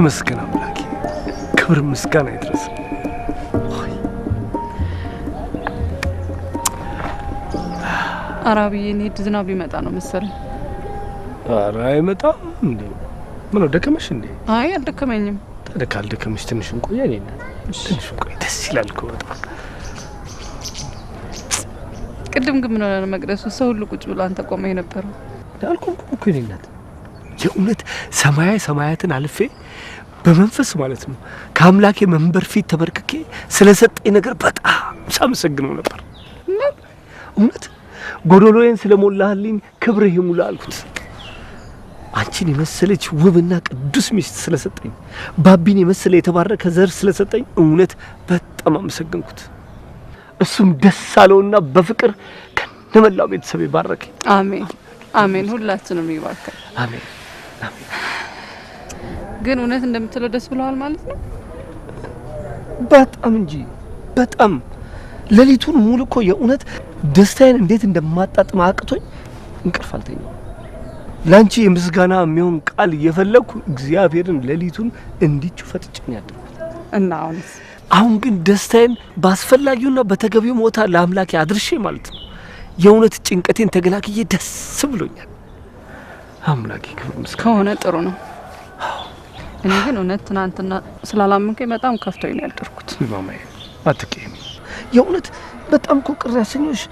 ተመስገን አምላኬ፣ ክብር ምስጋና ይድረስ። አራብዬ እንሂድ፣ ዝናብ ይመጣ ነው መሰለኝ። ኧረ አይመጣም እንዴ? ምን ምነው ደከመሽ እንዴ? አይ አልደከመኝም። ታዲያ ካልደከመሽ ትንሽ እንቆይ። እኔ ትንሽ እንቆይ፣ ደስ ይላል እኮ በጣም። ቅድም ግን ምን ሆነ? መቅደሱ ሰው ሁሉ ቁጭ ብሎ አንተ ቆመህ የነበረው አልቆምኩም እኮ እኔ እናት የእውነት ሰማያዊ ሰማያትን አልፌ በመንፈስ ማለት ነው ከአምላኬ መንበር ፊት ተበርክኬ ስለሰጠኝ ነገር በጣም ሳመሰግነው ነበር። እውነት ጎዶሎዬን ስለሞላህልኝ ክብርህ ይሙላ አልኩት። አንቺን የመሰለች ውብና ቅዱስ ሚስት ስለሰጠኝ፣ ባቢን የመሰለ የተባረከ ዘር ስለሰጠኝ እውነት በጣም አመሰግንኩት። እሱም ደስ አለውና በፍቅር ከነመላው ቤተሰብ ይባረክ። አሜን አሜን። ሁላችንም ይባርከን። አሜን። አይደለም። ግን እውነት እንደምትለው ደስ ብለዋል ማለት ነው? በጣም እንጂ በጣም ሌሊቱን ሙሉ እኮ የእውነት ደስታዬን እንዴት እንደማጣጥም አቅቶኝ እንቅልፍ አልተኛም። ላንቺ የምስጋና የሚሆን ቃል እየፈለግኩ እግዚአብሔርን ሌሊቱን እንዲቹ ፈጥጭን ያደርኩት እና አሁን አሁን ግን ደስታዬን በአስፈላጊውና በተገቢው ቦታ ለአምላኬ አድርሼ ማለት ነው የእውነት ጭንቀቴን ተገላክዬ ደስ ብሎኛል። አምላኪ ክብር ምስጋና ከሆነ ጥሩ ነው። እኔ ግን እውነት ትናንትና ስላላመንከኝ በጣም ከፍቶኝ ነው ያደርኩት። ማማዬ አትቀየሚ። የእውነት በጣም እኮ ቅር ያሰኞች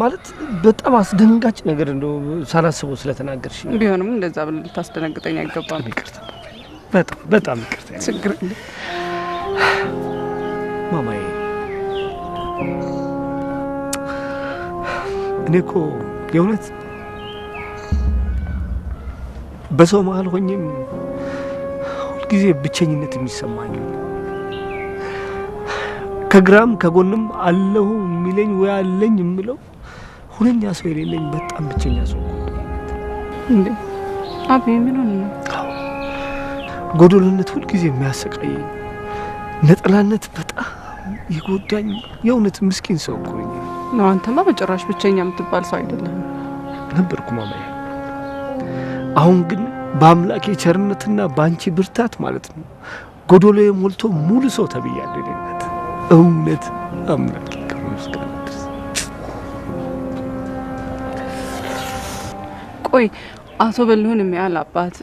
ማለት በጣም አስደንጋጭ ነገር እንደ ሳላስበው ስለተናገርሽ ቢሆንም እንደዛ ብለህ ልታስደነግጠኝ አይገባም። ይቅርታ፣ በጣም በጣም ይቅርታ። ችግር ማማዬ፣ እኔ እኮ የእውነት በሰው መሀል ሆኜም ሁልጊዜ ብቸኝነት የሚሰማኝ ከግራም ከጎንም አለሁ የሚለኝ ወይ አለኝ የምለው ሁነኛ ሰው የሌለኝ በጣም ብቸኛ ሰው እንዴ አብ ምን ነው ጎዶልነት ሁልጊዜ የሚያሰቃየኝ ነጠላነት በጣም የጎዳኝ የእውነት ምስኪን ሰው እኮ ነው አንተማ በጭራሽ ብቸኛ የምትባል ሰው አይደለም ነበርኩ ማማዬ አሁን ግን በአምላኬ ቸርነትና በአንቺ ብርታት ማለት ነው ጎዶሎ የሞልቶ ሙሉ ሰው ተብያለሁ። እኔነት እውነት አምላኬ ቆይ አቶ በልሁን የሚያህል አባት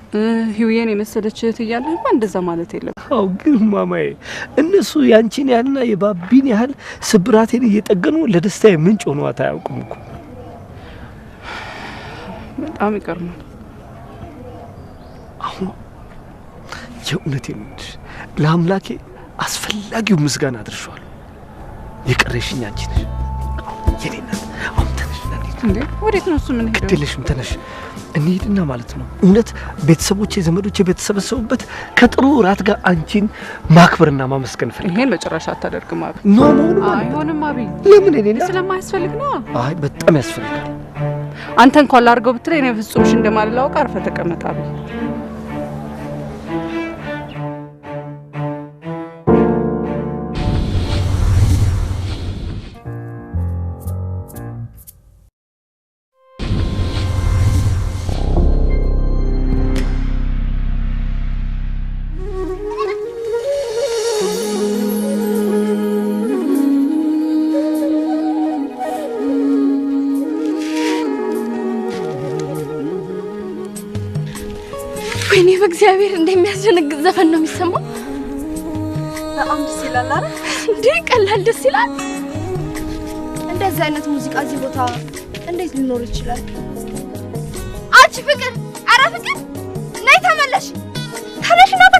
ህውየን የመሰለች እህት እያለ እንደዛ ማለት የለም። አው ግን ማማዬ እነሱ ያንቺን ያህልና የባቢን ያህል ስብራቴን እየጠገኑ ለደስታዬ ምንጭ ሆነዋት አያውቁም እኮ። በጣም ይቀርማል። የእውነቴን ለአምላኬ አስፈላጊው ምስጋና አድርሸዋል። የቀረሽኝ አንቺ ነሽ የኔ እናት። አሁን ተነሽ። ወዴት ነው እሱ? ምን ግድ የለሽም ተነሽ፣ እንሂድና ማለት ነው። እውነት ቤተሰቦቼ፣ ዘመዶቼ በተሰበሰቡበት ከጥሩ እራት ጋር አንቺን ማክበርና ማመስገን ፈልግ። ይሄን በጭራሽ አታደርግም አብይ። ኖ መሆኑ አይሆንም አብይ። ለምን? እኔ ስለማያስፈልግ ነው። አይ በጣም ያስፈልጋል። አንተ እንኳን ላድርገው ብትለኝ እኔ ፍጹምሽ እንደማልላውቅ አርፈ ተቀመጥ አብይ። ወይኔ በእግዚአብሔር እንደሚያስደነግጥ ዘፈን ነው የሚሰማው። በጣም ደስ ይላል። አረ እንዴ ቀላል ደስ ይላል። እንደዚህ አይነት ሙዚቃ እዚህ ቦታ እንዴት ሊኖር ይችላል? አንቺ ፍቅር፣ አረ ፍቅር ነይ ተመለሽ፣ ተነሽና